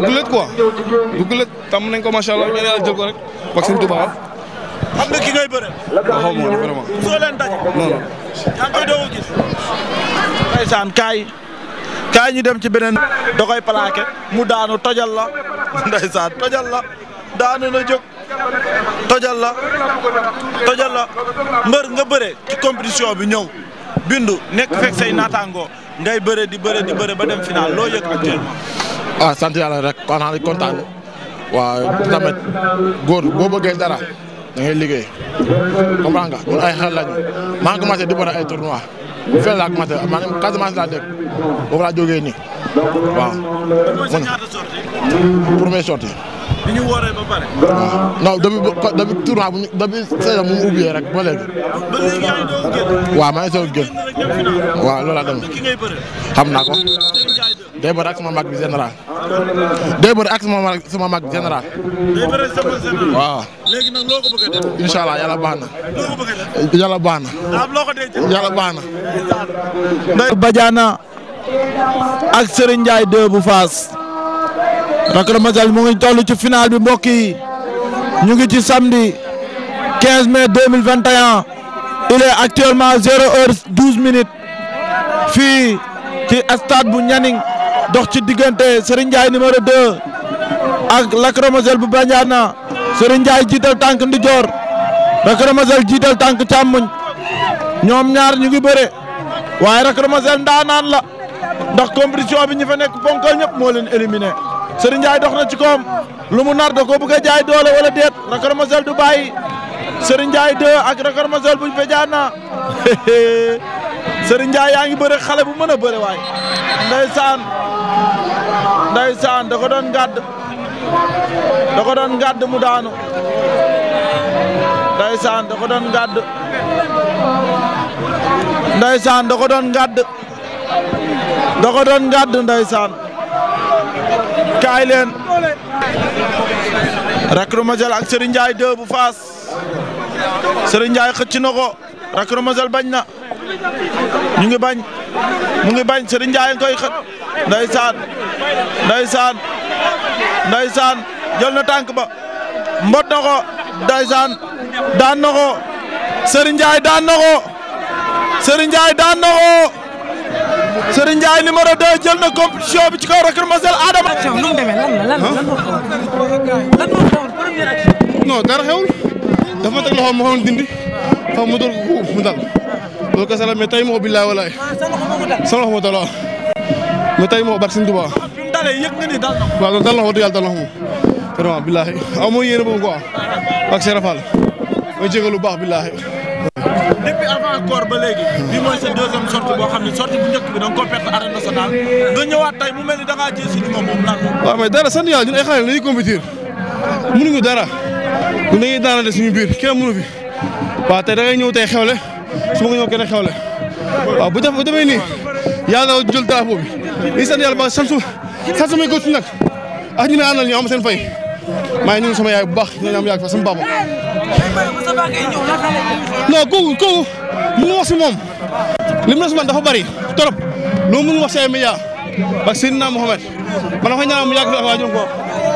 du gulet quoi tam nañ ko macha allah ñaan yàlla jël ko rek wax sëñ Tuubaa xam nga ki ngay bëre. waaw moom vraiment. soo leen daj. non koy doog a gis. ndeysaan kaay kaay ñu dem ci beneen. da koy mu daanu tojal la ndeysaan tojal la daanu na jóg tojal la tojal la mbër nga bëre ci compétition bi ñëw bindu nekk fekk say naataangoo ngay bëre di bëre di bëre ba dem final loo yëg actuellement. a ah, sant yàlla rek xanaa di kontaan waaw tamit góor boo bëggee dara da ngay liggéey comprendre nga ay xel lañu maa ngi commencé di ay tournoi bu fekkee laa commencé maanaam Casamance laa dégg boobu laa jógee nii waaw. mën na première sortie. bi ñu wooree bu ñu depuis saison bu mu rek ba léegi. ba léegi yaa ngi doon génn. waaw maa ko. day bëri ak sama mag bi général. day bëri ak sama mag sama général. day bëri ak sama général. waaw. léegi nag loo ko bëgg a ak Serigne Ndiaye 2 bu Faas. Racramassal mu ngi toll ci final bi mbokk yi ñu ngi ci samedi 15 mai 2021 il est actuellement 0 heure 12 minutes fii ci stade bu Nianing. dox ci diggante Serigne Ndiaye numéro 2 ak Lacrymogène bu Bandiana Serigne Ndiaye jiital tànk ndijoor Lacrymogène jiital tànk càmmoñ ñoom ñaar ñu ngi bëre waaye Lacrymogène ndaanaan la ndax compétition bi ñu fa nekk ponkal ñëpp moo leen éliminé Serigne Ndiaye dox na ci koom lu mu nar da ko bëgg a jaay doole wala déet Lacrymogène du bàyyi Serigne Ndiaye 2 ak Lacrymogène bu Bandiana Serigne Ndiaye yaa ngi bëre xale bu mën a bëre waaye ndeysaan ndeysaan da ko doon gàdd da ko doon gàdd mu daanu ndeysaan da ko doon gàdd ndeysaan da ko doon gàdd da ko doon gàdd ru ma ak Serigne Ndiaye 2 bu faas Serigne Ndiaye xëcc na ko ru ma bañ na mu ngi bañ mu ngi bañ Serigne Ndiaye koy xëcc ndeysaan ndeysaan ndeysaan jël na tànk ba mbot na ko daan na ko daan na ko daan na ko Serigne Ndiaye jël na compétition bi ci kaw Keur Adama. nu mu xew dafa ma teg loxo ma dindi fa mu dóor ko mu dal loolu kese la mais tey moo billaay walaay. Ah, sama loxo mais tey moo barke Sëñ Tuubaa. bi mu dalee yëg nga ni dal na. waaw loolu dal na wax dëgg yàlla dal na moom vraiment billaahi aw ma yéene boobu quoi ak ma jégalu bu baax billaahi. depuis avant koor ba léegi. bii mooy sa deuxième sortie boo xam ne sortie bu njëkk bi da nga koo perte arène nationale nga tey mu mel ni da ngaa jël si duma moom lan la. waaw mais dara sant yàlla ñun ay xale lañuy compétir mënuñu dara ñun da ngay ñëw tey xewle su ma ñëw kenn xewle waaw bu def bu demee nii yàlla na jël drapeau bi. di sant yàlla ba sant su sant samay coach nag ak ah, ñu ne àndal ñu seen fay maa ngi nuyu sama yaay bu baax ñu am yaay fa sama papa. non kooku kooku mënu wax moom li mu ne man dafa bari trop loolu mënu wax si ay médias ak Seydina Mohamed man dafa ñaan mu yàgg fi ak waa Jom